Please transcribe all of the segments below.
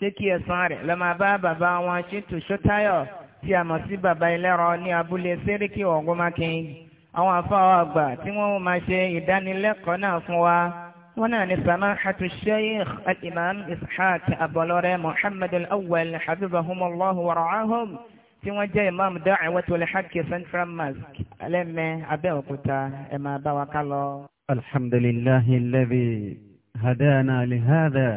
pé kí ẹ̀san rẹ̀ lọ máa bá bàbá wọn Chintu Ṣótáyọ̀ tí a mọ̀ sí bàbá ẹlẹ́rọ ní abúlé Séríkì Ògúnmákin àwọn afáwọ̀ àgbà tí wọ́n máa ṣe ìdánilẹ́kọ̀ọ́ náà fún wa wọ́n náà ní samahatu sheikh al-imam ishaq abọlọ́rẹ́ Muhammad al-awwal habibahumullahu wa tí wọ́n jẹ́ imam da'watul haqq central mosque alẹ́mẹ́ abẹ́òkúta ẹ̀ máa bá wa ká lọ. alhamdulillahi hadana lihada.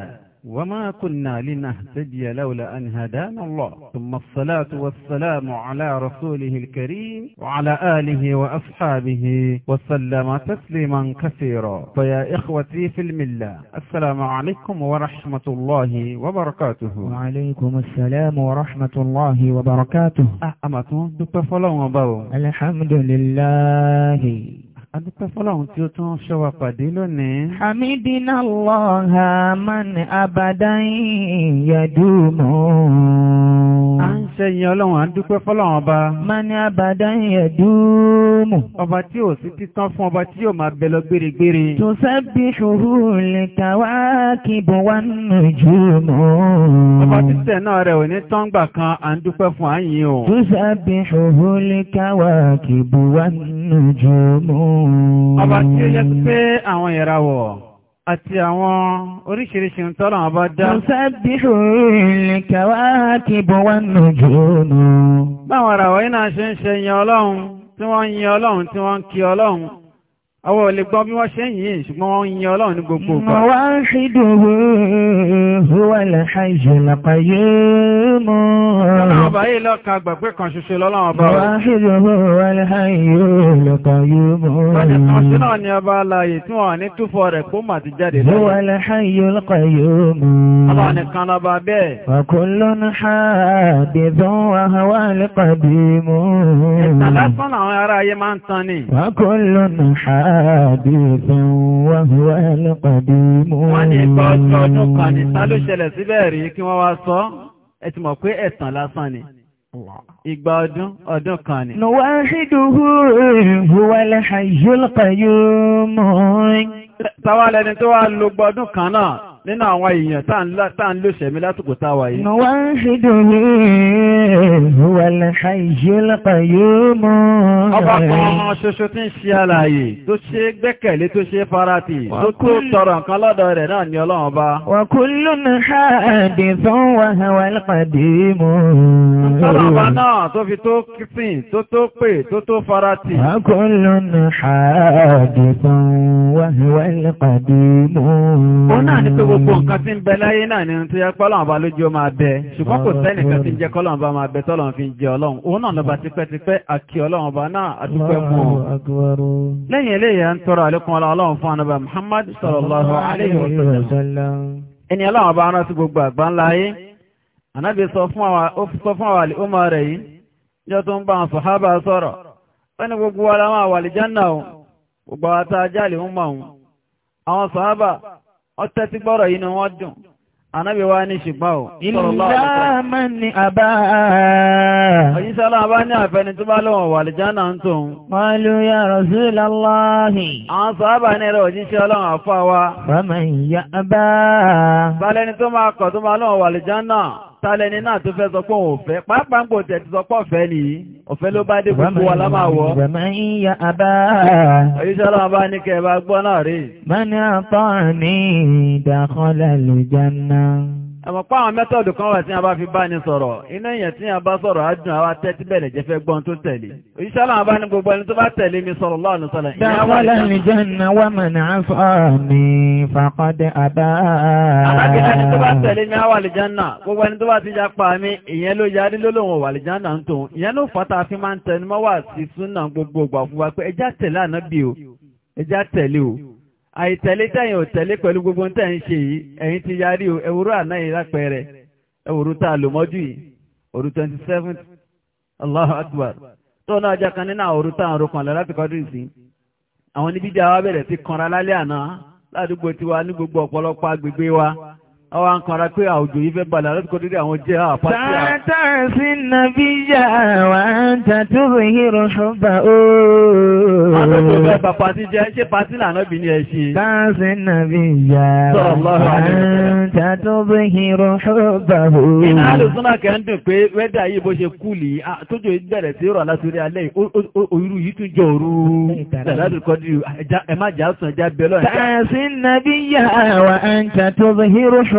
وما كنا لنهتدي لولا أن هدانا الله ثم الصلاة والسلام على رسوله الكريم وعلى آله وأصحابه وسلم تسليما كثيرا فيا إخوتي في الملة السلام عليكم ورحمة الله وبركاته وعليكم السلام ورحمة الله وبركاته ah, أحمد الحمد لله Adúpẹ́ fọ́lọ́run tí ó tún ṣọ́ wa pàdé lónìí. Hamidina Allaha man abadan yadumu. A ń ṣẹ́yìn ọlọ́run, a ń dúpẹ́ fọ́lọ́run ọba. Man abadan yadumu. Ọba tí ò sí títán fún ọba tí yóò máa bẹ lọ gbére-gbére. Tusabbihuhu l-kawakibu wan-nujumu. Ọba títẹ̀ náà rẹ̀ ò ní tán gbà kan, a ń dúpẹ́ fún àyín o. Tusabbihuhu l-kawakibu wan-nujumu ọba tí ó yẹ pé àwọn ìràwọ̀ àti àwọn oríṣiríṣi ń tọ́lọ̀ ọba dá. Musabbihu al-kawakibu wan-nujum. Báwọn ìràwọ̀ yìí náà ṣe ń ṣe yin Ọlọ́run tí wọ́n ń yin Ọlọ́run tí wọ́n ń kí Ọlọ́run. Àwọn olè gbọ́ bí wọ́n ṣe ń yìí ṣùgbọ́n wọ́n yin Ọlọ́run ní gbogbo ọ̀pá. Mọ̀ wá ń ṣí dòwò wà lẹ́ha ìṣẹ̀lẹ̀pá yóò mọ́. Ọlọ́run ọba yìí gbàgbé kan ṣoṣo lọ́lọ́run ọba. Mọ̀ wá ń ṣí dòwò wà lẹ́ha ìṣẹ̀lẹ̀pá yóò mọ́. حديثا وهو القديم wọ́n ní ipa ọjọ́ ọdún kan ní ta ṣẹlẹ̀ síbẹ̀ rí kí wọ́n wá sọ ẹ ti mọ̀ pé ẹ̀tàn lásán ni ìgbà ọdún ọdún kan ni. نواحده هو الحي القيوم. táwa lẹni tó wá lo gbọdún kan náà nínú àwọn èèyàn táà ń lò ṣẹ̀mí látòkò táwà yìí. Nà wá ń ṣe dòní wà lẹ́ka ìṣe lọ́pàá yóò mọ́. Ọba kan ṣoṣo tí ń ṣe àlàyé tó ṣe gbẹ́kẹ̀lé tó ṣe farati tó tó tọrọ nǹkan lọ́dọ̀ rẹ̀ náà ni Ọlọ́run bá. Wà náà tó farati. Wà kú lónà ha pé gbogbo nǹkan tí ń bẹ láyé náà ni tó yẹ pọ́lọ́n bá lójú ó máa bẹ ṣùgbọ́n kò sẹ́nì kan tí ń jẹ́ kọ́lọ́n bá máa bẹ tọ́lọ́n fi ń jẹ ọlọ́run òun náà lọ́ba tipẹ́tipẹ́ àkí ọlọ́run bá náà àdúpẹ́ mú un. lẹ́yìn eléyìí ń tọrọ àlékún ọlọ́run fún anábà Muhammad sallallahu alayhi àwọn àlùmọ́ bá ọtẹ́ tí gbọ́rọ̀ yìí ni wọ́n dùn Ànábì wa ní ṣùgbọ́n ò. Ìlà man àbá. Òyíṣẹ́ aláwọ̀ ní àfẹni tó bá lọ́wọ́ wà lè jánà ń tó ń. Qalu ya Rasulallahi. Àwọn sọ́ábà ní ẹ̀rọ wa. Faman ya tálẹ́ni náà tó fẹ́ sọ pé òun fẹ́ pàápàá ń bò tẹ̀ ti sọ pé ọ̀fẹ́ nìyí ọ̀fẹ́ ló bá dé gbogbo wa lámàwọ́. ìgbàmọ̀ ń ya bá ní kẹ́ bá gbọ́ náà rí àmọ́ pa àwọn mẹ́tọ̀dù kan wà tí a bá fi bá ní sọ̀rọ̀ iná èèyàn tí a bá sọ̀rọ̀ àdùn àwọn tẹ́tí bẹ̀rẹ̀ jẹ́ gbọ́n tó tẹ̀lé òṣìṣẹ́ àwọn ní gbogbo ẹni tó bá tẹ̀lé mi sọ̀rọ̀ lọ́ọ̀nù wa pé ẹjá tẹ̀lé àná àìtẹ̀lé tẹ̀yìn ò tẹ̀lé pẹ̀lú gbogbo tẹ̀ ń ṣe yìí ẹ̀yìn ti yarí o ẹ̀wòrú àná yìí lápẹẹrẹ ẹ̀wòrú tá a lò mọ́jú yìí òru twenty seven Allahu Akbar tó náà kan nínú àwọn bẹ̀rẹ̀ t'i kanra lálẹ́ àná ládùúgbò tiwa ní gbogbo wa àwọn akọ̀ra pé àwùjọ yìí fẹ́ bàlá lọ́dún kọdírí àwọn jẹ́ àpáṣíà. sáàtàrà sí nàbí yà wà ń tàtú ìhìrò ṣọ́bà ooo. àtọ́jú ìgbà ìgbà pàtí jẹ́ ṣé pàtí lànà bí ní ẹ ṣe. sáàtàrà sí nàbí yà wà ń tàtú ìhìrò ṣọ́bà ooo. iná àlùsúnà kẹ́ ń dùn pé wẹ́dà yìí bó ṣe kúlì tójú bẹ̀rẹ̀ sí rọ̀ látòrí alẹ́ òru yìí tún jọ òru. lọ́dún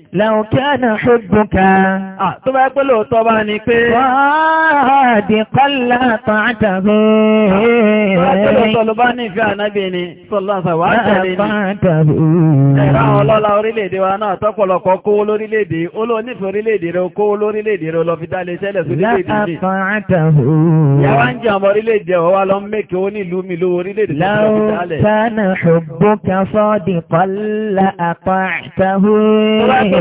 Láwọn kí á náà ṣogun kan. Tó bá pẹ́ lóòótọ́ bá ní pé. Wáàdì kọ́lá tán àtàgbé. Tó lóòótọ́ ló bá ní ìfẹ́ ànábì ni, sọ́lọ́ àfàwà àtàlẹ́ ni. Ẹ̀rọ àwọn ọlọ́lá orílẹ̀-èdè wa náà tọ́pọ̀lọpọ̀ kówó lórílẹ̀-èdè, olóònífẹ́ orílẹ̀-èdè rẹ̀ kówó lórílẹ̀-èdè rẹ̀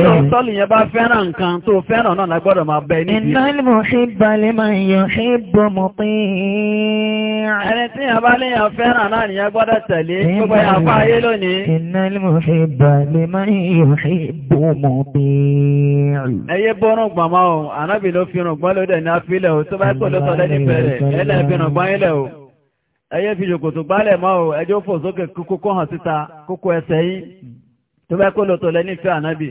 Tọ́lù yẹn bá fẹ́ràn nǹkan tó fẹ́ràn náà lágbọ́dọ̀ máa bẹ ní ìdí. Innal muhibba liman yuhibbu muti'. Ẹni tí yẹn bá léyàn fẹ́ràn náà nìyẹn gbọ́dọ̀ tẹ̀lé gbogbo yẹn àpá ayé lónìí. Innal muhibba liman yuhibbu muti'. Ẹyẹ bọ́rùn o, ànábì ló fi rùn gbọ́n lóde o, tó bá kò ló sọ lẹ́ni bẹ̀rẹ̀, ẹlẹ́ fi rùn gbọ́n ilẹ̀ o. gbálẹ̀ mọ́ o, ẹjọ́ fò sókè kókó hàn síta, kókó ẹsẹ̀ yín, tó bá kò ló sọ lẹ́ni fẹ́ ànábì.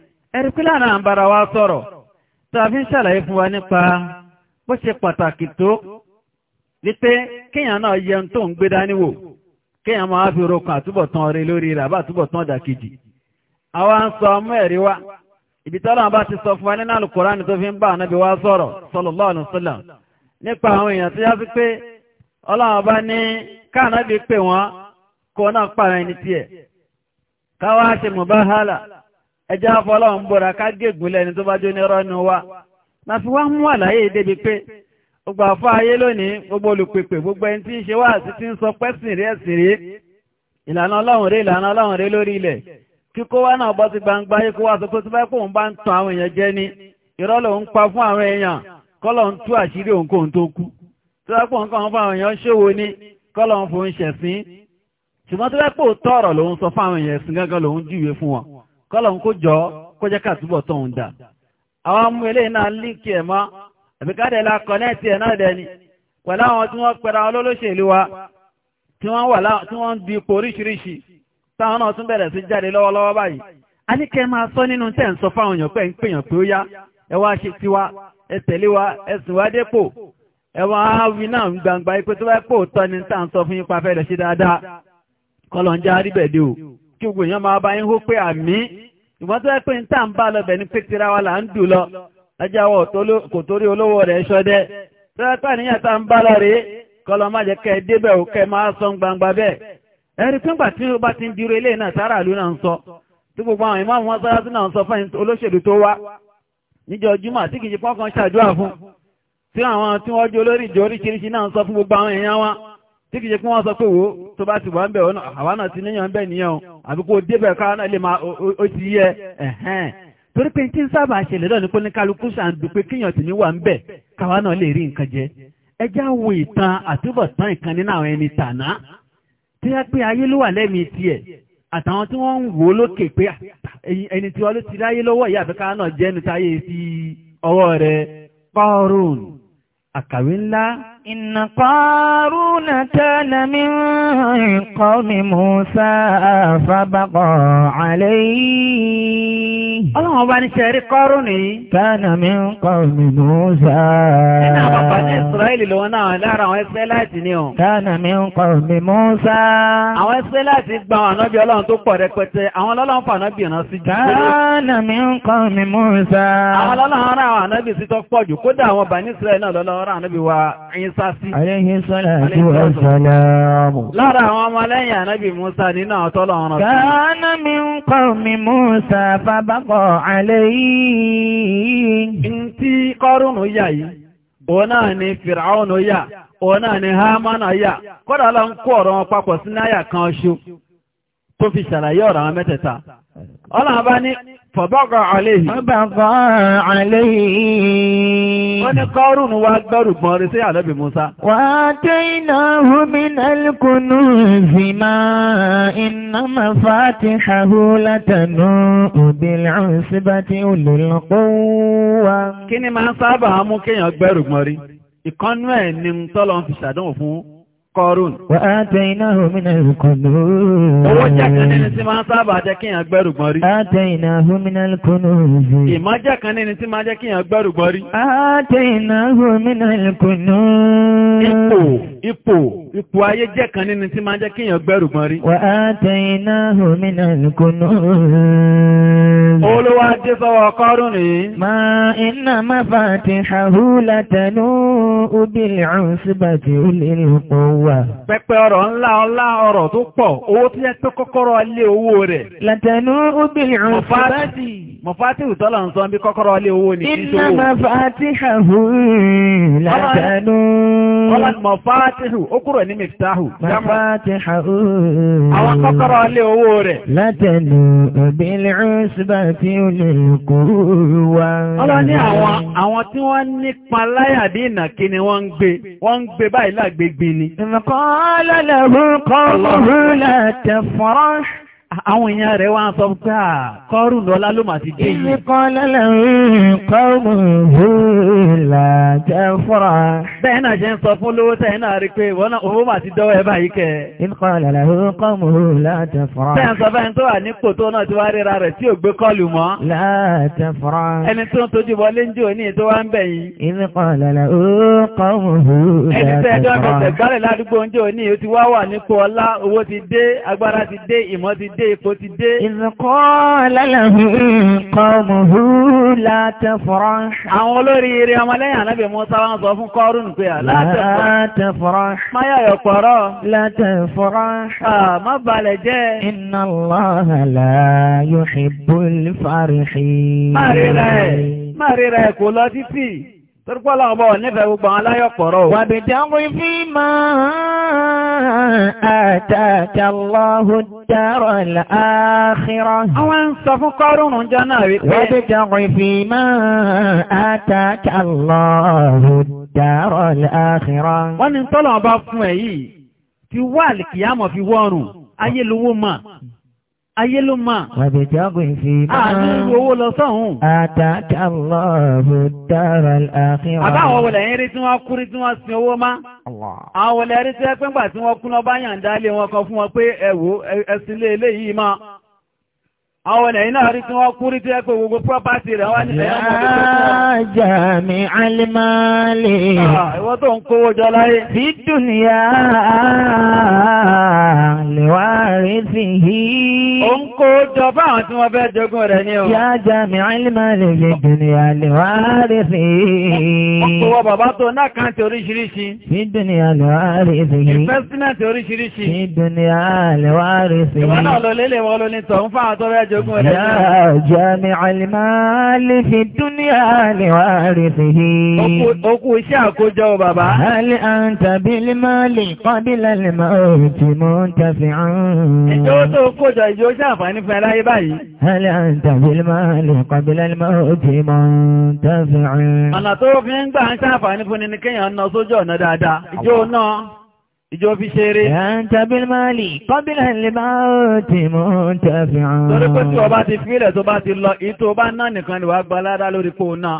ẹ̀rùpílà náà ń wa sọ̀rọ̀ tàbí ń ṣàlàyé fún wa nípa bó ṣe pàtàkì tó wípé kíyàn náà yẹun tó ń gbé kíyàn máa fi rokan àtúbọ̀tán rẹ lórí rẹ̀ àbá àtúbọ̀tán dàkejì àwa ń sọ ọmọ ẹ̀rí wa ibi tọ́lá bá ti sọ fún wa nínú Al-Qur'ani tó fi ń bá ànábi wa sọ̀rọ̀ sallallahu nípa àwọn èèyàn tó yá sí pé ọlọ́run bá ní káànábi pè wọ́n kó ẹjẹ́ afọ́lọ́run bọ́ra ká gègùn lẹ́ni tó bá jó ní rọ́nu wa na fi wá mú àlàyé débi pé gbogbo àfọ́ ayé lónìí gbogbo olùpèpè gbogbo ẹni tí ń ṣe wá àti tí ń sọ pẹ́sìn rí ẹ̀sìn rí ìlànà ọlọ́run rí ìlànà ọlọ́run rí lórí ilẹ̀ kí kó wá náà bọ́ sí gbangba yìí kó wá sọ pé tó bá kóun bá ń tan àwọn èèyàn jẹ ni irọ́ lòun pa fún àwọn èèyàn kọ́lọ̀ ń tú àṣírí òun kóun tó kú tó bá kóun kàn fún àwọn èèyàn ṣòwò ni kọ́lọ̀ ń fòun ṣẹ̀sìn ṣùgbọ́n tó bá kó tọ̀rọ̀ lòun sọ fún àwọn èèyàn ẹ̀sìn gángan lòun júwe fún wọn kọ́lọ̀ kó jọ kó jẹ́ ká túbọ̀ tó ń dà àwọn ọmọ ilé náà ń líkì ẹ̀ mọ́ la kọ́nẹ́ẹ̀tì ẹ̀ náà dẹni pẹ̀lú àwọn tí wọ́n pẹ̀lú àwọn olóṣèlú wa tí wọ́n wà láwọn tí wọ́n di ipò oríṣiríṣi táwọn náà tún bẹ̀rẹ̀ sí jáde lọ́wọ́lọ́wọ́ báyìí a ní kẹ́ máa sọ nínú tẹ́ ń sọ fáwọn èèyàn pé ń pèèyàn pé ó yá wa náà kí gbogbo èèyàn máa bá yín hó pé àmì ìwọ́n tó yẹ pé ń tà ń bá lọ́bẹ̀ ní pé tira wa là ń dùn lọ ajá kò olówó rẹ̀ ṣọdẹ tó yẹ pé àníyàn tá ń bá lọ rèé kọlọ má jẹ́ kẹ́ ẹ débẹ̀ ò kẹ́ ẹ máa sọ gbangba bẹ́ẹ̀ tí bá ti ń àwọn ìmọ̀ àwọn náà àwọn tí wa tí kìí pọ́n sọ pé tó bá ti àbí kó débẹ̀ káwọn náà lè máa ó ti yẹ ẹ̀hẹ́n torí pé tí ń sábà ṣẹlẹ̀ náà ni pé ní kálukú ṣàǹdù pé kíyàn tì wà ń bẹ̀ káwọn náà lè rí nǹkan jẹ ẹjá wo ìtàn àtúbọ̀tán ìkan nínú àwọn ẹni tàná tí wọ́n pé ayé ló wà lẹ́mìí tiẹ̀ àtàwọn tí wọ́n ń wò ó lókè pé ẹni tí wọ́n ló ti ráyé lọ́wọ́ ìyá àbíká náà jẹ́ ẹni táyé sí ọwọ́ rẹ̀ pọ́ọ̀rùn àkàwé ńlá إن قارون كان من قوم موسى فبقى عليه ọlọ́run ọba ní ṣẹ̀rí kọ́rún ní كان من قوم موسى nínú àwọn pàdé ìsìráìlì lọ́wọ́ náà lára àwọn ẹsẹ́ láti ní ọ̀ كان من قوم موسى àwọn ẹsẹ́ láti gba àwọn ànábí ọlọ́run tó pọ̀ rẹpẹtẹ àwọn ọlọ́run fà náà bìíràn sí jù كان من قوم موسى àwọn ọlọ́run rán àwọn ànábí sí tó pọ̀ jù kódà àwọn bàní ìsìráìlì náà lọ́lọ́run rán ànábí wa Isa sí. Alayhi salatu wa salam. Lára àwọn ọmọlẹ́yìn ànábì Musa nínú àwọn ọ̀rọ̀ sí. Kana mi qawmi Musa fabaqa alayhi. Ntí yìí, òun náà ni Fìràwọ̀nù yà, òun ni kan Fọ̀bọ́gọ̀ àléhì. Fọ́bọ́gọ̀ àléhì. Wọ́n ní kọ́rùn wá gbọ́rù gbọ́n rí sí àlọ́bì Musa. Wà tẹ́ iná rúmínà lùkùnú ìzìmá iná máa fà ti ṣàhú látànú òbílẹ̀ òṣìbá tí ó lè lọ́pọ̀ wá. Kí Kọrún. Wà á tẹ iná homínà ìkùnú. Owó jẹ́kan nínú tí máa ń sábà jẹ́ kí yàn gbẹ́rùgbọ́n rí. Á tẹ iná homínà ìkùnú. Ìmọ̀ jẹ́kan nínú tí máa jẹ́ kí yàn gbẹ́rùgbọ́n rí. Á tẹ iná homínà ìkùnú. Ipò ipò ipò ayé jẹ́kan nínú tí máa jẹ́ kí yàn gbẹ́rùgbọ́n rí. Wà á tẹ iná homínà ìkùnú. Mm. Olúwa dé sọ́wọ́ kọ́rùn ní. Ma iná má bá ti ṣàhú látẹnú ubi lẹ́rùn síbàtí ó lè rúpọ̀ wà. Pẹ́pẹ́ ọ̀rọ̀ ńlá ọlá ọ̀rọ̀ tó pọ̀, owó tí ẹ tó kọ́kọ́rọ́ ilé owó rẹ̀. Látẹnú ubi lẹ́rùn síbàtí. Mọ̀fátì ìtọ́lọ̀ ń sọ bí kọ́kọ́rọ́ ilé owó ni kí ṣòwò. Iná tí ó lè kó wá. Ọlọ́ ní àwọn tí wọ́n nípa láyà bí ìnàkí ni wọ́n ń gbé, wọ́n ń gbé báyìí lágbègbè ni. Ìmọ̀kọ́ lọ́lẹ̀ Àwọn èèyàn rẹ̀ wá ń sọ pé à kọ́rùn lọ́lá ló máa ti dé yìí. Ìkọ́ lẹ́lẹ́rìn kọ́rùn hùlà jẹ́ fọ́ra. Bẹ́ẹ̀ náà jẹ́ ń sọ fún lówó tẹ́ẹ̀ náà rí pé wọ́n owó máa ti dọ́wọ́ ẹ báyìí kẹ. Ìkọ́ lẹ́lẹ́rìn kọ́rùn hùlà jẹ́ fọ́ra. Bẹ́ẹ̀ sọ bẹ́ẹ̀ tó wà nípò tó náà ti wá ríra rẹ̀ tí ò gbé kọlù mọ́. Láàjẹ́ fọ́ra. Ẹni tó ń tojú dé ipò ti dé. ìzùkọ́ lálẹ́hùn kọ́mùhù látẹ̀ fọ́rọ́. àwọn olóríire ọmọlẹ́yìn anábì musa wọn sọ fún kọ́rùn pé látẹ̀ fọ́rọ́. má yàyọ̀ pọ̀rọ̀. látẹ̀ fọ́rọ́. má balẹ̀ jẹ́. iná lọ́hàlà yóò ṣe bólú fàrìṣì. má rí rẹ̀ kò lọ títì. Torípọ́lá ọba ọ̀ nífẹ̀ẹ́ gbogbo àwọn aláyọ̀ pọ̀rọ̀ o. Wàbí dáhùn fi máa àtàkà lọ́hù dárọ̀ láàkírọ̀. Àwọn ń sọ fún kọ́rùn-ún jọ náà rí pé. Wàbí dáhùn fi máa àtàkà lọ́hù dárọ̀ láàkírọ̀. Wọ́n ní tọ́lọ̀ ọba fún ẹ̀ ti wá àlìkìyàmọ̀ fi Ayé ló máa. Wàbẹ̀jọ́gùn fi máa. Àní owó lọ sọ́hun. Àtàkì Allahu dára àkíwà. Àbáwọn wọlé yín rí tí wọ́n kúrí tí wọ́n sin owó àwọn ẹ̀yìn náà rí tí wọ́n kú rí tí ẹ pé gbogbo property rẹ̀ wọ́n ní ẹ̀yàn mọ̀ tó tó mi alimali ah, ìwọ́n tó ń kówó jọ láyé fi dùnìyà lèwárí sí hì ó ń kó jọ báwọn tí wọ́n fẹ́ jogún rẹ̀ ní o yá jẹ́ mi alimali lè dùnìyà lèwárí sí hì ọkọ̀wọ́ bàbá tó náà kan oríṣiríṣi fi dùnìyà lèwárí sí hì investment oríṣiríṣi fi dùnìyà lèwárí sí hì ìwọ́n náà lọ lélẹ̀ wọ́n lóní tọ̀ ń fáwọn tó fẹ́ jogún rẹ̀. Yá jami alimali fi dúníà ni wà rí sí i. Okú iṣẹ́ àkójọ bàbá. Hali an tàbí limali kọ́dílà lima òtí mú tàfi hàn. Ìjọ tó kójọ ìjọ ṣe àǹfààní fún ẹláyé Ọ̀nà tó fi ń gbà ń ṣàǹfààní fún ni kéèyàn ná sójú ọ̀nà dáadáa. Ìjọ náà. Ìjọ fi ṣeré. Ẹ̀ǹtà bí máàlì, kọ́bílà lè bá ó ti mú tẹ̀fì hàn. Torí pé tí ọba ti fílẹ̀ tó bá ti lọ, èyí tó bá náà nìkan ni wà á gba ládá lórí pò náà.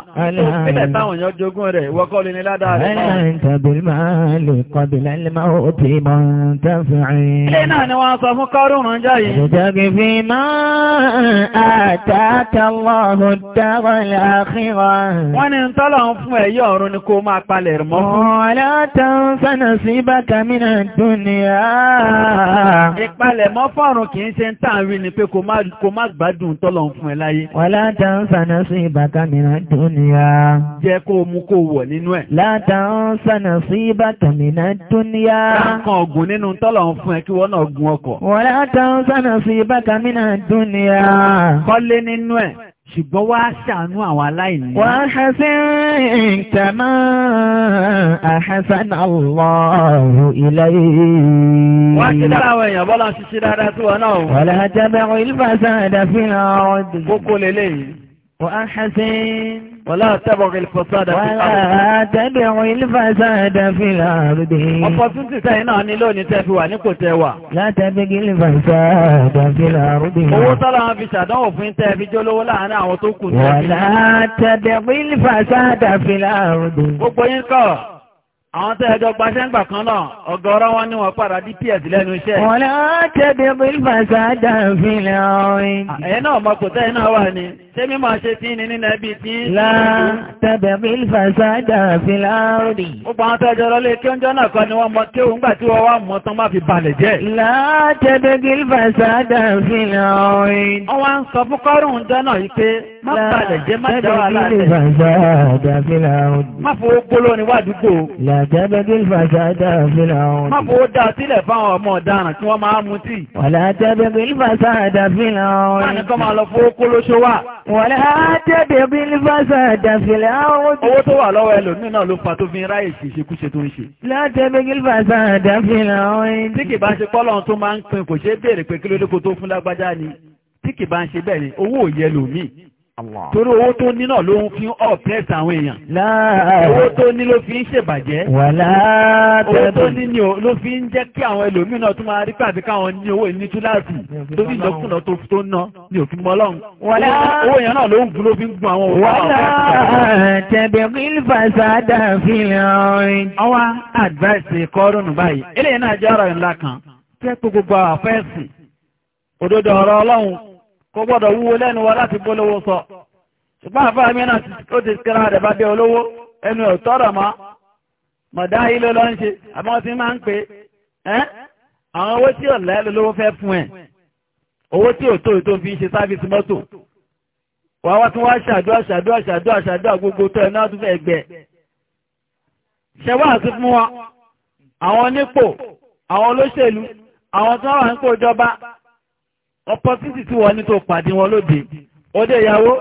Fílẹ̀ táwọn èèyàn jogún rẹ̀, ìwọ kọ́ lè ní ládá rẹ̀. Ẹ̀ǹtà nínú dúnìá. Ìpalẹ̀mọ́ fọ́run kìí ṣe ń tàn rí ni pé kò má gbádùn tọ́lọ̀ fún ẹ láyé. Wà látàn sànà sí ìbàkà mìíràn dúnìá. Jẹ́ kó mú kó wọ̀ nínú ẹ̀. Látàn sànà sí ìbàkà mìíràn dúnìá. Káàkan ọ̀gùn nínú tọ́lọ̀ fún ẹ kí wọ́n náà gun ọkọ̀. Wà látàn sànà sí ìbàkà mìíràn dúnìá. Kọ́lé nínú ẹ̀ ṣùgbọ́n wá ṣàánú àwọn aláìní. wà á ṣẹ́sìn tẹ̀mọ́ àṣẹ́sán Allahu ilayhi. wọ́n ti dára àwọn èèyàn bọ́lá ṣiṣẹ́ dáadáa tó wọn náà. wàlá jẹ́ وأحسن ولا تبغ الفساد في الأرض ولا تبغ الفساد في الأرض opportunity tẹ́yìn náà ní lónìí tẹ́ fi wà ní kò tẹ́ wà لا تبغ الفساد في الأرض owó tọ́lá fi ṣàdánwò fún tẹ́ fi jólówó láàárín àwọn tó kù ولا تبغ الفساد في الأرض gbogbo yín kọ́ àwọn tẹ́ ẹjọ́ gbaṣẹ́ ń gbà kan náà ọ̀gọ̀rọ̀ wọn ni wọ́n padà di ps lẹ́nu iṣẹ́. wọ́n lọ tẹ́bi bílfàṣà dànfìlẹ̀ ọ̀rin. ẹ̀yẹ́ náà mọ náà wà ní ṣé mímọ ṣe tí ní nínú ẹbí tí. la tẹ́bi bílfàṣà dànfìlẹ̀ ọ̀rin. ó àwọn tẹ́ ẹjọ́ lọ́lé kí tẹ́bẹ̀dìl fàṣádà fìlà ọ̀hún. Má kò dá sílẹ̀ fáwọn ọmọ ọ̀daràn tí wọ́n máa mú tí. Wàlá tẹ́bẹ̀dìl fàṣádà fìlà ọ̀hún. Má nìkan máa lọ fún okólóṣó wà. Wàlá tẹ́bẹ̀dìl fàṣádà fìlà ọ̀hún. Owó tó wà lọ́wọ́ ẹlòmíì náà ló fa tó fi ráyè sí ìṣekúṣe tó ń ṣe. Látẹ́bẹ̀dìl fàṣádà máa ń pin kò ṣe é béèrè pé kí ló dé kó tó fún Tí torí owó tó ní náà ló ń fi ọ̀pẹ́s àwọn èèyàn owó tó ní ló fi ń ṣèbàjẹ́ owó tó ní ló fi ń jẹ́ kí àwọn ẹlòmíì náà máa rí pàdé káwọn ní owó ìní túláàsì tó ní ìjọkùnà tó tó ná ní òfin mọ́lọ́run owó èèyàn náà ló ń gun ló fi ń gun àwọn òwò àwọn ọ̀pẹ́s. tẹ̀bẹ̀ kílfà sáadà fi lọ́rin. ọwọ́ kọ́rùn-ún báyìí eléyìí náà jẹ́ ọ̀rọ̀ ńlá kò gbọ́dọ̀ wúwo lẹ́nu wa láti bólówó sọ ṣùgbọ́n àfáà mìíràn ó ti kíra rẹ̀ bá dé olówó ẹnu ẹ̀ tọ́rọ̀ mọ́ mọ̀dá ilé lọ ń ṣe àmọ́ tí máa ń pè ẹ́ àwọn owó tí ọ̀lẹ́ lólówó fẹ́ fún ẹ̀ owó tí ò tó ètò fi ń ṣe sáfíìsì mọ́tò wà wá tí wọ́n ṣàdúrà ṣàdúrà ṣàdúrà ṣàdúrà gbogbo tó ẹ̀nà tó fẹ́ gbẹ ṣẹwà àti fún wọn àwọn nípò àwọn olóṣèlú àwọn tí wọ́n wà ń pò ìjọba ọpọtítì tí wọ́n ní tó pàdé wọn lóde ọdẹ ìyàwó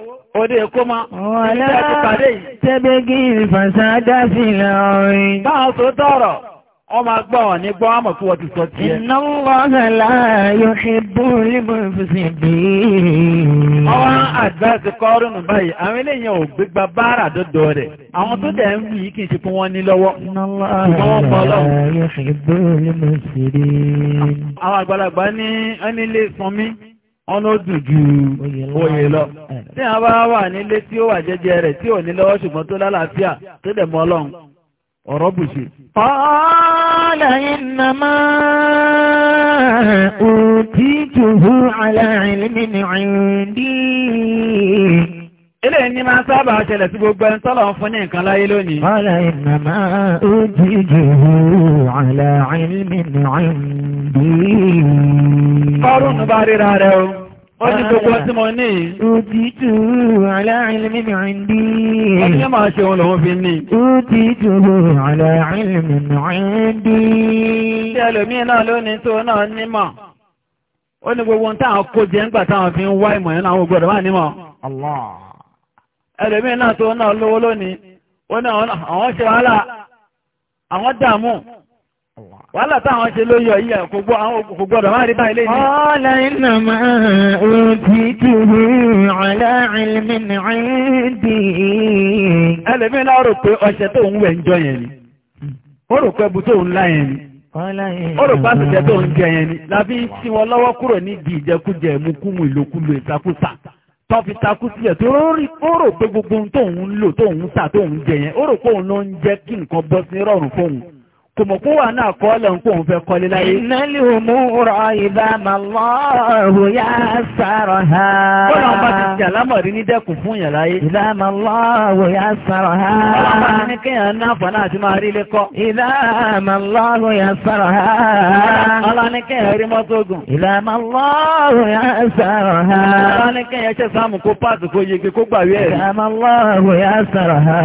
ọdẹ ẹ̀kọ́ ma ìrìnlẹ̀ àti pàdé yìí tẹ́bẹ́gì ìfàsádá sí ìlà ọ̀rìn báwọn tó tọ́rọ̀ wọ́n máa gbọ́ wọn ní gbọ́ wọn mọ̀ fún ọdún sọ tí ẹ. iná wọ́n láàyò ṣe bó lébò fèsì bí. ọwọ́n àgbà ti kọ́ rúnù báyìí àwọn eléyìí ò gbégbá báárà dọ́dọ̀ rẹ̀ àwọn tó dẹ̀ ń wí yìí kì í ṣe fún wọn ní lọ́wọ́. iná wọ́n láàyò ṣe bó lébò bí. àwọn àgbàlagbà ní ẹni lè san mí ọ̀nà òdùn ju oyè lọ. tí àwọn bá wà nílé tí ó wà jẹ́jẹ́ tí ò ní lọ́wọ́ ṣùgbọ́n tó lálàáfíà tó dẹ̀ mọ́ ọlọ́run ọ̀rọ̀ bùṣe. Qala innama utituhu ala ilmin indi. Ilé ní máa sábà ṣẹlẹ̀ sí gbogbo ẹni tọ́lọ̀ fún ní nǹkan láyé lónìí. Qala innama utituhu ala ilmin indi. Kọ́rùn-ún bá ríra rẹ̀ o. Ó ní gbogbo tí mo ní yìí. Òtítù aláìlmi mi ìndí. Ọdún máa ṣe òun lòun fi ní. Òtítù aláìlmi mi ìndí. Ṣé ẹlòmí náà lónìí tó náà nímọ̀? Ó ní gbogbo táwọn kó jẹ ńgbà táwọn fi ń wá ìmọ̀ yẹn láwọn gbọ́dọ̀ máa nímọ̀. Ẹlòmí náà tó náà lówó lónìí. Ó ní àwọn ṣe wàhálà, àwọn dààmú. wàhálà táwọn ṣe ló yọ yíyà kò gbọ́dọ̀ máa rí báyìí lẹ́yìn. ọ̀la iná máa òtí dùrú aláìlmí ìdí. ẹlẹ́mí náà rò pé ọṣẹ tó ń wẹ̀ ń yẹn ni ó rò pé ń lá yẹn ni ó tó ń jẹ yẹn ni kúrò ìjẹkújẹ ìtakùsà tọ́fi takú sílẹ̀ tó ó rò pé gbogbo ohun ń lò ń jẹ yẹn ó rò pé kò mọ̀ fún wà náà kọ́ lọ ń kò ń fẹ́ kọ́lé láyé. ìnáli òmùrọ̀ ìbámalọ́rù yá sàrọ̀ ha. bọ́lá ọba ti jà lámọ̀rí ní dẹ́kun fún yàn láyé. ìbámalọ́rù yá sàrọ̀ ha. ọlọ́mọ ti ní kéèyàn náà fọ́nà àti máa rí ilé kọ́. ìbámalọ́rù yá sàrọ̀ ha. ọlọ́ ní kéèyàn rí mọ́tò gùn. ìbámalọ́rù yá sàrọ̀ ha. ọlọ́ ní kéèyàn ṣe sáàmù kó páàtì kó yege kó gbàwé ẹ̀rí. ìbámalọ́rù yá sàrọ̀ ha.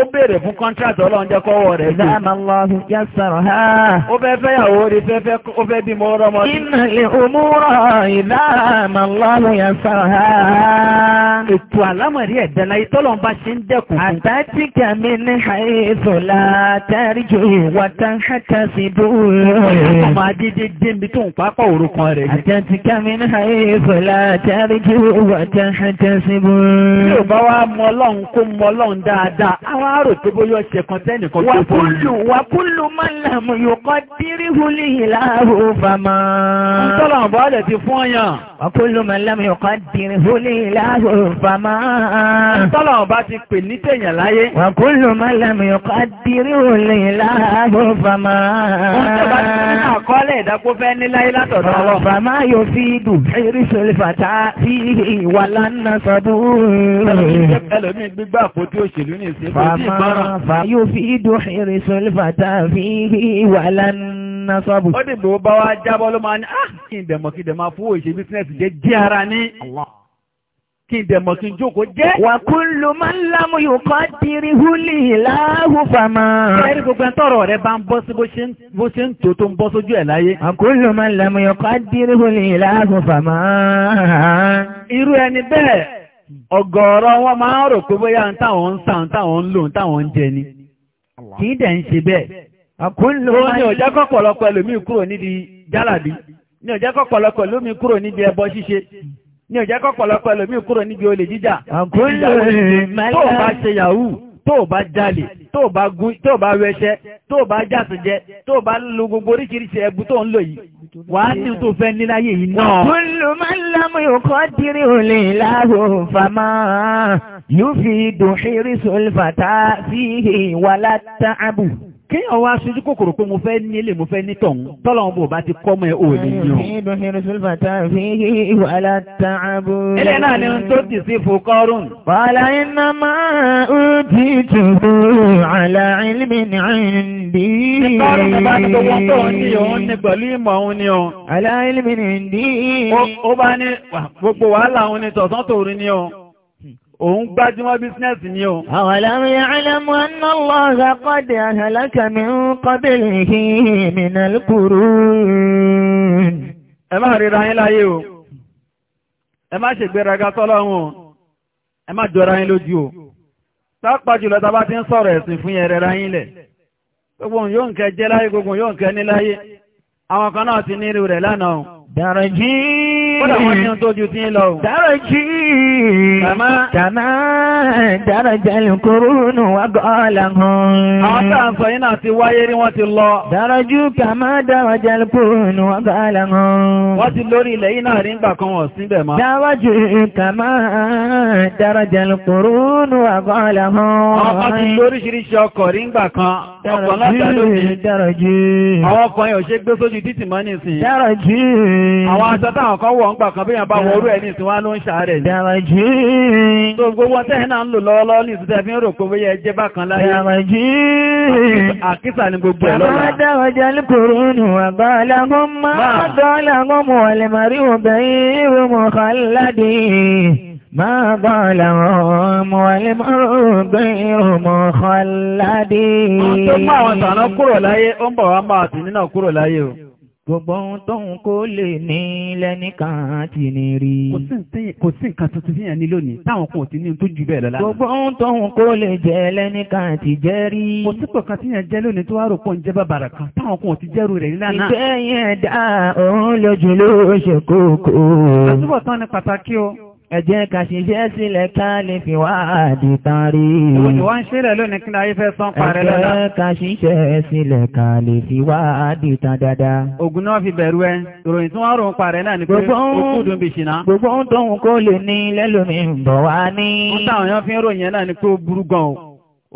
ó béèrè fún kọ́ntrátì ọlọ́run jẹ́ kọ́wọ́ rẹ̀ Allahu yassaraha. Ó fẹ́ fẹ́yàwó rí fẹ́fẹ́ ó fẹ́ bímọ ọrọ̀mọ. Innal umura idha ma Allahu yassaraha. Ètò àlámọ̀rí ẹ̀dá láyé tọ́lọ̀ ń bá ṣe ń dẹ́kun. Àtàtìkà mi ní haythu la tarju wa tahtasibu. Ọmọ adédé débi tó ń pápá wàkúlù mọ́lẹ̀mù yòókọ́ dírí hulí ìlàhù fàmà. ń tọ́lọ̀ ọ̀bọ̀ ọ̀dẹ̀ ti fún ọyàn. wàkúlù mọ́lẹ̀mù yòókọ́ dírí hulí ìlàhù fàmà. ń tọ́lọ̀ ọ̀bá ti pè ní tèèyàn láyé. wàkúlù mọ́lẹ̀mù yòókọ́ yóò fi dùn eré fàtà fíhí wà lánà sọ́bù. ó dìbò bá wá jábọ́ ló máa ní ah kí n dẹ̀mọ̀ kí n dẹ̀mọ̀ fún òṣèlú bísínẹ́sì jẹ́ jẹ́ ara ní. kí n dẹ̀mọ̀ kí n jókòó jẹ́. wà kú ló máa ń lámú yóò kọ́ diri húlì láhùn fàmà. ẹ̀rí gbogbo ẹ̀ tọrọ rẹ bá ń bọ́ sí bó ṣe ń tó tó ń bọ́ sójú ẹ̀ láyé. wà kú ló máa ń lámú kọ́ diri húlì láhùn fàmà. irú ẹni bẹ́ẹ̀ ọ̀gọ̀ọ̀rọ̀ wọn máa ń rò pé bóyá ń táwọn ń sàn táwọn ń lò ń táwọn ń jẹ ni. kì í dẹ̀ ń ṣe bẹ́ẹ̀. àkúnlò máa ní ọ̀jẹ́ kọ́pọ̀lọpọ̀ kúrò jálàbí ní ọ̀jẹ́ kọ́pọ̀lọpọ̀ ẹlòmíì kúrò nídìí ẹbọ ṣíṣe ní ọ̀jẹ́ kọ́pọ̀lọpọ̀ ẹlòmíì kúrò nídìí olè jíjà. tó bá ṣe tó bá jalè tó bá wẹṣẹ tó bá jàtúnjẹ tó bá lu gbogbo oríṣiríṣi ẹbu tó ń lò yìí wà á ní tó fẹ́ níláyé yìí náà. Kullu man lam yuqaddiri lahu fama yufidu hirsul fata fihi wala ta'abu kéèyàn wá ṣojú kòkòrò pé mo fẹ́ nílé mo fẹ́ nítọ̀hún tọ́lọ́wọ́n bò bá ti kọ́ mọ́ ẹ ò lè yàn. ilé náà ni tó ti sí fòkọ́rùn. wàhálà iná máa ń ti tòkó àlà ìlmi ní ìdí. ìkọ́rùn mi bá ti tó wọ́n tó ní òun ní pẹ̀lú ìmọ̀ òun ni òun. àlà ìlmi ní ìdí. ó bá ní gbogbo wàhálà òun gbájúmọ́ bísínẹ́sì ni o. Awalam ya'lamu anna Allaha qad ahlaka min qablihi minal qurun. Ẹ máa ríra yín láyé o, ẹ máa ṣègbéraga sọ́lọ́run o, ẹ máa jọra yín lójú o. Pápá jùlọ ta bá ti ń sọ̀rọ̀ ẹ̀sìn fún yẹn rẹra yín lẹ̀. Gbogbo yóò ń kẹ jẹ́ láyé, gbogbo yóò ń kẹ ní láyé. Àwọn kan náà ti ní irú rẹ̀ lánàá o. Dàrọ̀jìn dárọ̀jì kama, dárọ̀jà lùkúrúnù wa gọ́ọ̀lá hàn. àwọn tá à ń sọ yín náà ti wáyé rí wọ́n ti lọ. dárọ̀jù kàmá dárọ̀jà lùkúrúnù wà gọ́ọ̀lá hàn. wọ́n ti lórí ilẹ̀ yìí náà rí ńgbà kan wọ̀ síbẹ̀ mọ́. dárọ̀jù kàmá dárọ̀jà lùkúrúnù wà gọ́ọ̀lá hàn. ọkọ̀ ti lóríṣiríṣi ọkọ̀ rí ńgbà kan. ọkọ̀ látàlóyè. àwọn ọkọ̀ ń gbà kan bí yàn bá wọ orú ẹ̀ ní ìsinwá ló ń ṣàárẹ̀ ní. Dàmàjí. Tó gbogbo tẹ́yìn náà ń lò lọ́wọ́lọ́wọ́ ní ìsúté fi ń rò pé bóyá ẹjẹ́ bá kan láyé. Dàmàjí. Àkísà ni gbogbo ẹ̀ lọ́la. àbá alágún máa dọ́là gọ́mù ọ̀lẹ̀mọ̀rí obìnrin ìrùmọ̀ kan ládé. ما ظلمهم والمرء غير مخلد. Ó tó máa wọn tàná kúrò láyé, ó ń bọ̀ wá máa tì nínà kúrò láyé Gbogbo ohun tóun kó lè ní lẹ́nìkan ti ní rí. Kò sí nǹkan tuntun fíyàn ní lónìí táwọn kan ò ti ní tó jù bẹ́ẹ̀ lọ́la. Gbogbo ohun tóun kó lè jẹ lẹ́nìkan ti jẹ́ rí. Kò sí pọ̀kan tíyàn jẹ́ lónìí tó wá rò pọ̀ ń jẹ́ bàbàrà kan táwọn kan ò ti jẹ́rù rẹ̀ nílá náà. Ìfẹ́ yẹn dá òun lójú ló ṣe kókó. Àtúbọ̀tán ni pàtàkì o. Ẹjẹ́ ká ṣiṣẹ́ sílẹ̀ ká lè fi wá àdì tarí. Wọ́n ṣílẹ̀ lónìí kí láyé fẹ́ sán parẹ́ fi wá àdì tán dáadáa. Ògùn náà fi bẹ̀rù ẹ, ìròyìn tí wọ́n rò ń parẹ́ náà ni pé ó dùn bí ṣìnà. Gbogbo ń tóhun kó lè ní lẹ́lòmí bọ̀ wá ní. Ó táwọn èèyàn fi ń ròyìn náà ni pé ó burú gan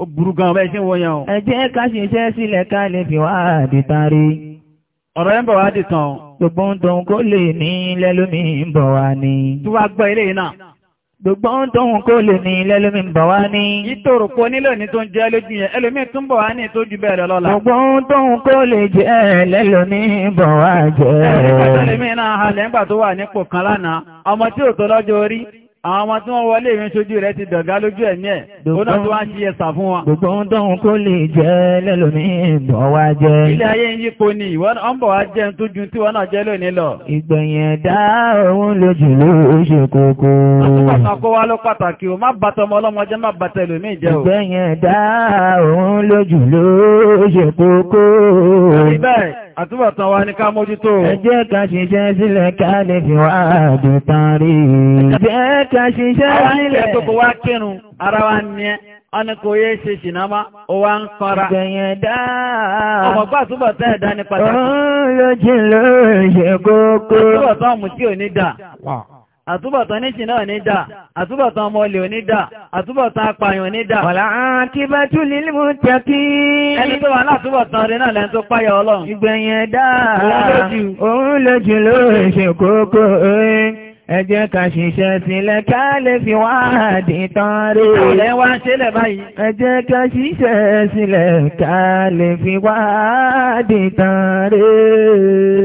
ó burú gan bẹ́ẹ̀ ṣe ń wọ́yàn. Ẹjẹ́ ká sílẹ̀ ká fi wá àdì tarí ọ̀rọ̀ ẹ̀ ń bọ̀ wá dì tán. gbogbo ń dùn kó lè ní lẹ́lómi ń bọ̀ wá ní. tó wá gbọ́ ilé náà. gbogbo ń dùn kó lè ní lẹ́lómi ń bọ̀ wá ní. ìtòrò kò nílò ní tó ń jẹ́ lójú yẹn ẹlòmí tún bọ̀ wá ní tó ju bẹ́ẹ̀ lọ́la. gbogbo ń dùn kó lè jẹ́ lẹ́lómi ń bọ̀ wá jẹ́. ẹ̀rí pàtàkì mi náà halẹ̀ ńgbà tó wà nípò kan lánàá ọmọ tí ò tó lọ́jọ́ orí àwọn ọmọ tí wọ́n wọlé ìrìn ṣojú rẹ̀ ti dọ̀gá lójú ẹ̀mí ẹ̀ òun náà tó wá ń ṣe ẹ̀sà fún wa. gbogbo ohun tó ń kó lè jẹ́ lẹ́lòmíì bọ̀ wá jẹ́. ilé ayé ń yípo ni ìwọ́n ń bọ̀ wá jẹ́ tó ju tí wọ́n náà jẹ́ lónìí lọ. ìgbẹ̀yìn ẹ̀dá òun lójú ló ṣe kókó. Àtúbọ̀tán wa ní ká mójútó. Ẹ jẹ́ ká ṣiṣẹ́ sílẹ̀ ká lè fi wá àdùn tán rí. Ẹ jẹ́ ká ṣiṣẹ́ sílẹ̀. Àwọn wá kírun, ara wa ní ẹ, ọ́nà kò yé ṣe ṣìnámá, ó wá ń kanra. Ìgbẹ̀yẹn dáa. Ọmọ̀gbà àtúbọ̀tán ẹ̀dá ní pàtàkì àtúbọ̀tán níṣì náà ní dà àtúbọ̀tán ọmọlẹ̀ ò ní dà àtúbọ̀tán apààyàn ní dà. wàlá àti bá tún lè mú tẹ́kí. ẹni tó wà látúbọ̀tán rẹ̀ náà lẹ́ni tó páyà ọlọ́run. ìgbẹ̀yìn ẹ̀dá òun lójú òun lójú ló Ẹ jẹ́ ká ṣiṣẹ́ sílẹ̀ ká lè fi wá àdì tán rí. Ọ̀rẹ́ wá sílẹ̀ báyìí. Ẹ jẹ́ ká ṣiṣẹ́ sílẹ̀ ká lè fi wá àdì rí.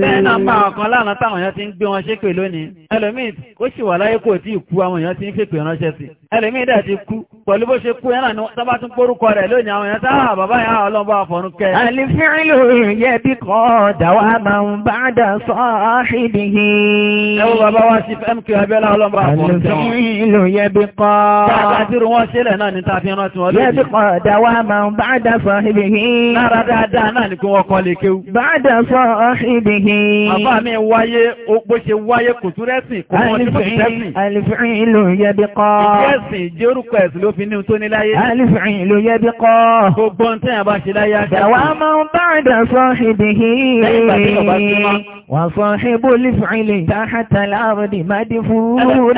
Bẹ́ẹ̀ náà ọ̀kan lánàá táwọn èèyàn ti ń gbé wọn ṣépè lónìí. Ẹlòmíì, ó sì wà láyé kò tí ì kú àwọn èèyàn ti ń fèpè ránṣẹ́ sí ẹlẹ́mí dẹ̀ ti kú pẹ̀lú bó ṣe kú yánà ní tọ́bá tún pórúkọ rẹ̀ lónìí àwọn èèyàn táà ah, bàbá yà ah, ọlọ́bà fọ̀rún kẹ́ alìfíìlù yẹ bí kọ́ dàwà máa bá dà sọ àṣìdìhì ẹwọ́ bàbá wá sí mk abẹ́lá ọlọ́bà fọ̀rún kẹ́ alìfíìlù yẹ bí kọ́ dáadáa tí ṣẹlẹ̀ náà ní tàbí ẹran tí wọ́n lè ẹ̀sìn jẹ́ orúkọ ẹ̀sìn ló fi ní tó ní láyé. alifin ló yẹ bí kọ́. gbogbo ń tẹ́yàn bá ṣe láyé aṣáájú. ṣàwọn ọmọ ń bá àdà sọ ìdìhì. lẹ́yìn ìgbà tí ọba ti lè ta láàrúdì má dín fún un.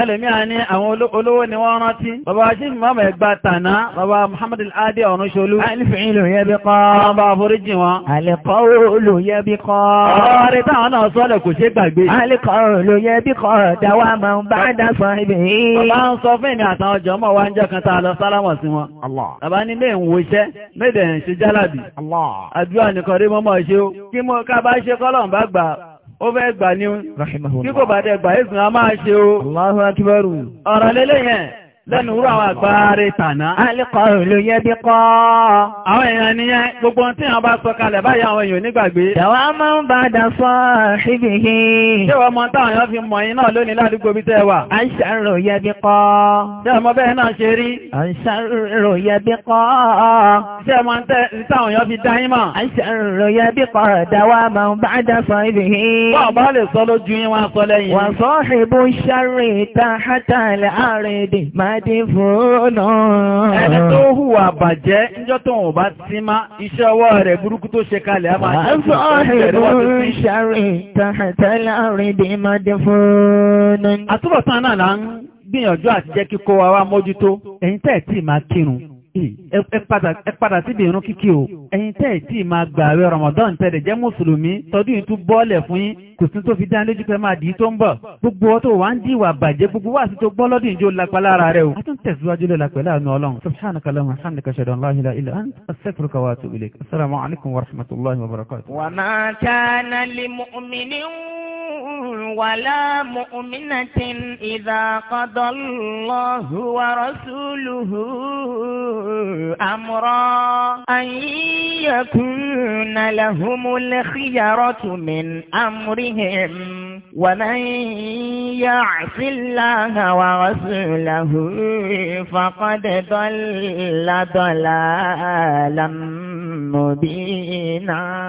ẹlòmíà ni àwọn olówó ni wọ́n rántí. bàbá wa ṣì ń mọ̀ ẹ̀gbà tàná bàbá Muhammad Al-Hadi Ọ̀rúnṣolú. alifin ló yẹ bí kọ́. bàbá àforíjì wọn. àlẹ́kọ́ ló yẹ bí kọ́. ọ̀rọ̀ rẹ̀ táwọn náà sọ́ọ̀lẹ̀ kò ṣe gbàgbé. àlẹ́kọ́ ló yẹ bí kọ́. dàwọn ọmọ bá àdà sọ ìbìhì. bàbá ń sọ fún èmi àtàwọn ọjọ́ mọ̀ wá ń jẹ́ kan tá a lọ sálámọ̀ sí wọn. bàbá nílé ń wo iṣẹ́ méde ń ṣe jálàbì. àdúrà nìkan rí mọ́mọ́ ṣe ó kí mo ká bá ṣe kọ́lọ̀ bá gbà ó fẹ́ gbà ní kí kò bá dẹ̀ gbà ẹ̀sùn a máa ṣe ó. ọ̀rọ̀ lélẹ́yìn lẹ́nu rú àwọn àgbáre tàná. Alẹ́kọ̀ olóyẹ bí kọ́. Àwọn èèyàn nìyẹn gbogbo tí wọ́n bá sọ kalẹ̀ báyìí àwọn èèyàn nígbàgbé. Ìyàwó máa ń bá dà sọ síbi hí. Ṣé wọ́n mọ táwọn èèyàn fi mọ̀ yín náà lónìí ládùúgbò bí tẹ́ wà? Àṣàrò yẹ bí kọ́. Ṣé ọmọ bẹ́ẹ̀ náà ṣe rí? Àṣàrò yẹ bí kọ́. Ṣé ọmọ táwọn kàdífóònà. Ẹni tó hùwà bàjẹ́ níjọ́ tó wọ́n bá sí má iṣẹ́ ọwọ́ rẹ̀ burúkú tó ṣe kalẹ̀ a máa ṣe ìṣẹ́ rẹ̀ wọ́n ti ẹ padà síbi irun kíkí o ẹ̀yin tẹ́ ẹ̀ tí ì máa gbà àwẹ̀ Ramadan tẹ̀lẹ̀ jẹ́ mùsùlùmí tọdún yìí tún bọ́ọ̀lẹ̀ fún yín kò sí tó fi dá lójú pé máa dìí tó ń bọ̀ gbogbo ọtọ wa ń di ìwà bàjẹ́ gbogbo wa sì tó gbọ́ lọ́dún ìjó lápá lára rẹ o. a tún tẹ̀síwájú lọ́la pẹ̀lú àánú ọlọ́run subhanaka allahumma hamdika ashhadu an la ilaha illa anta astaghfiruka wa atubu wa rahmatullahi wa barakatuh. wa ma kana li mu'minin ولا مؤمنة إذا قضى الله ورسوله أمرا أن يكون لهم الخيرة من أمرهم ومن يعص الله ورسوله فقد ضل ضلالا مبينا